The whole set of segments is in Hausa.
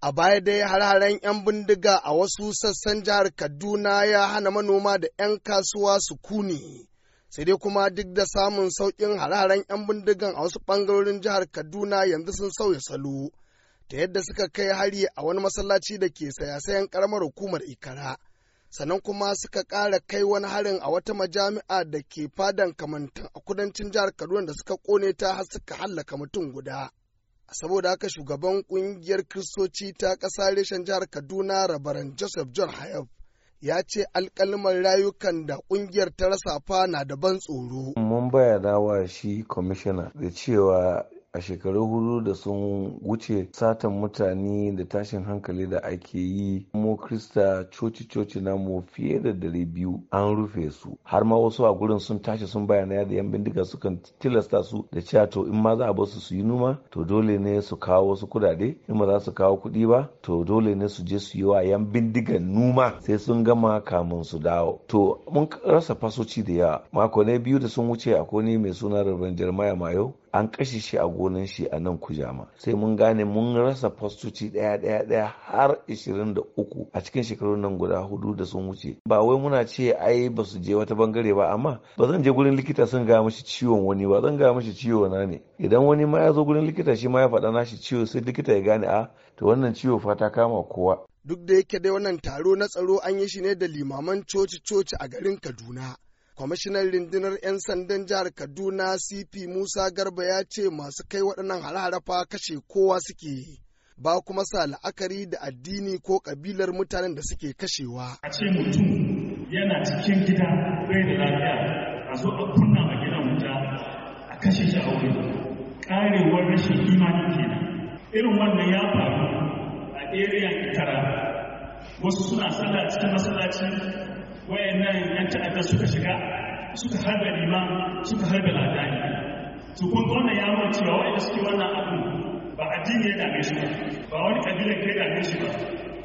A baya dai har-haren 'yan bindiga a wasu sassan jihar Kaduna ya hana manoma da 'yan kasuwa su kuni. Sai dai kuma duk da samun sauƙin har-haren 'yan bindigan a wasu ɓangarorin jihar Kaduna yanzu sun sauya salo, ta yadda suka kai hari a wani masallaci da ke sayasayan ƙaramar hukumar Ikara. Sannan kuma suka ƙara kai wani harin a wata majami'a da ke fadan kamantan a kudancin jihar Kaduna da suka kone ta har suka hallaka mutum guda. saboda haka shugaban kungiyar kristoci ta ƙasa reshen jihar kaduna rabaran joseph john hayab ya ce alkalmar rayukan da kungiyar ta rasa fa na da ban tsoro mun bayyana wa shi kwamishina da cewa a shekaru hudu da sun wuce satan mutane da tashin hankali da ake yi mu krista coci-coci na namu fiye da dare biyu an rufe su har ma wasu a gurin sun tashi sun bayyana yadda yan bindiga sukan tilasta su da cewa to in ma za a basu su yi noma to dole ne su kawo wasu kudade in ba za su kawo kudi ba to dole ne su je su yi wa yan bindigan numa? sai sun gama kamun su dawo to mun rasa fasoci da yawa mako ne biyu da sun wuce akwai mai suna Reverend ma Mayo an kashe shi a gonan shi a nan kujama sai mun gane mun rasa fastoci daya daya daya har 23 a cikin shekarun nan guda hudu da sun wuce ba wai muna ce ai ba su je wata bangare ba amma ba zan je gurin likita sun ga mashi ciwon wani ba zan ga mashi ciwo na ne idan wani ma ya zo gurin likita shi ma ya faɗa nashi ciwo sai likita ya gane a ah, to wannan ciwo fa ta kama kowa duk da yake dai wannan taro na tsaro an yi shi ne da limaman coci-coci a garin Kaduna kwamishinan rundunar 'yan sandan jihar kaduna cp musa garba ya ce masu kai waɗannan hare fa kashe kowa suke ba kuma sa la'akari da addini ko ƙabilar mutanen da suke kashewa a ce mutum yana cikin gida bai da lafiya a zo a kunna a gidan wuta a kashe shi a wuri karewar rashin imani kenan irin wannan ya faru a area tara wasu suna sallah cikin masallaci wayannan yan ta'adda suka shiga suka harbe liman suka harbe ladani su kun ga ya nuna cewa wayanda suke wannan abu ba addini ya dame shi ba ba wani kabila ke dame shi ba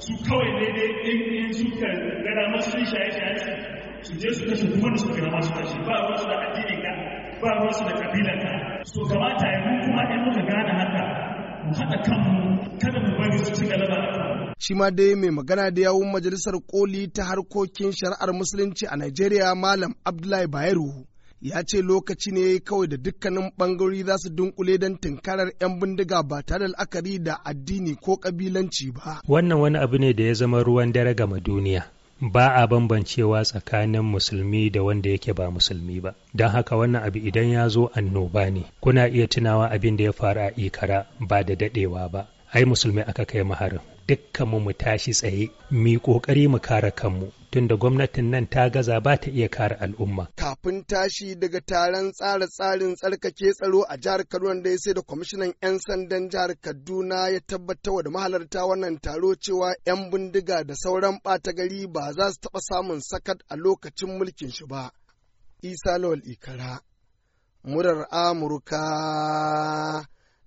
su kawai ne ne in in suka gara masu shi yi shaye shaye su je su kashe kuma wanda suka masu kashe ba wasu da addini ka ba wasu su da kabila ka so kamata ya mun kuma in muka gana kada mu bari su ci galaba Shi ma dai mai magana da yawun majalisar koli ta harkokin shari'ar musulunci a Najeriya Malam Abdullahi Bayero. Ya ce lokaci ne kawai da dukkanin bangarori za su dunkule don tunkarar 'yan bindiga ba tare da la'akari da addini ko kabilanci ba. Wannan wani abu ne da ya zama ruwan dare gama duniya. ba a bambancewa tsakanin musulmi da wanda yake ba musulmi ba don haka wannan abu idan ya zo annoba ne kuna iya tunawa abin da ya faru a ikara ba da dadewa ba ai musulmi aka kai mu harin. dukkanmu mu tashi tsaye mu kokari mu kare kanmu tunda gwamnatin nan ta gaza ba ta iya kare al'umma. Kafin tashi daga taron tsara tsarin tsarkake tsaro a jihar Kaduna da ya sai da kwamishinan 'yan sandan jihar Kaduna ya tabbatar da mahalarta wannan taro cewa 'yan bindiga da sauran ɓata gari ba za su taɓa samun sakat a lokacin mulkin shi ba. Isa Lawal Ikara, murar Amurka